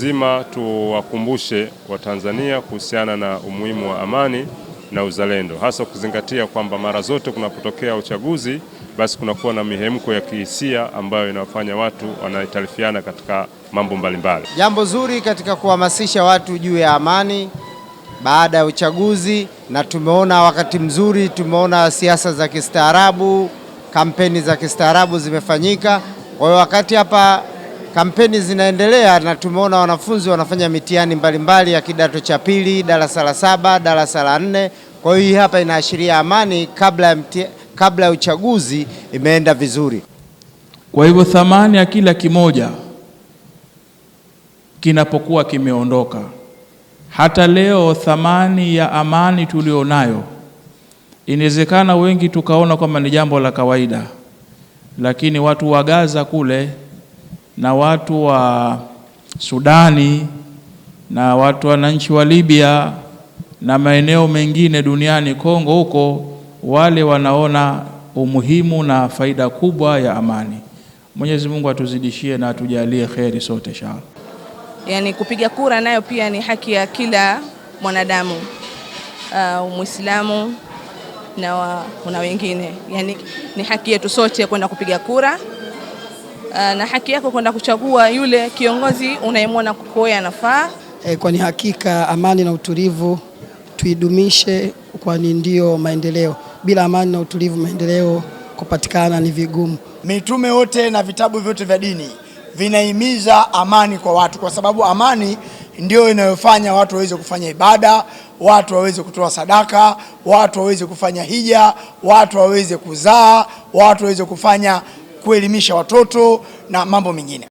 Lazima tuwakumbushe Watanzania kuhusiana na umuhimu wa amani na uzalendo, hasa kuzingatia kwamba mara zote kunapotokea uchaguzi, basi kunakuwa na mihemko ya kihisia ambayo inawafanya watu wanahitarifiana katika mambo mbalimbali. Jambo zuri katika kuhamasisha watu juu ya amani baada ya uchaguzi, na tumeona wakati mzuri, tumeona siasa za kistaarabu, kampeni za kistaarabu zimefanyika. Kwa hiyo wakati hapa Kampeni zinaendelea na tumeona wanafunzi wanafanya mitihani mbalimbali ya kidato cha pili, darasa la saba, darasa la nne. Kwa hiyo hii hapa inaashiria amani kabla ya kabla ya uchaguzi imeenda vizuri. Kwa hivyo thamani ya kila kimoja kinapokuwa kimeondoka, hata leo thamani ya amani tulionayo, inawezekana wengi tukaona kwamba ni jambo la kawaida, lakini watu wa Gaza kule na watu wa Sudani na watu wananchi wa Libya na maeneo mengine duniani, Kongo huko, wale wanaona umuhimu na faida kubwa ya amani. Mwenyezi Mungu atuzidishie na atujalie kheri sote inshallah. Yaani kupiga kura nayo pia ni haki ya kila mwanadamu uh, Muislamu na, na wengine, yaani ni haki yetu sote kwenda kupiga kura. Eh, na haki yako kwenda kuchagua yule kiongozi unayemwona kwako yeye anafaa. E, eh, kwani hakika amani na utulivu tuidumishe, kwani ndio maendeleo. Bila amani na utulivu, maendeleo kupatikana ni vigumu. Mitume wote na vitabu vyote vya dini vinahimiza amani kwa watu, kwa sababu amani ndio inayofanya watu waweze kufanya ibada, watu waweze kutoa sadaka, watu waweze kufanya hija, watu waweze kuzaa, watu waweze kufanya kuelimisha watoto na mambo mengine.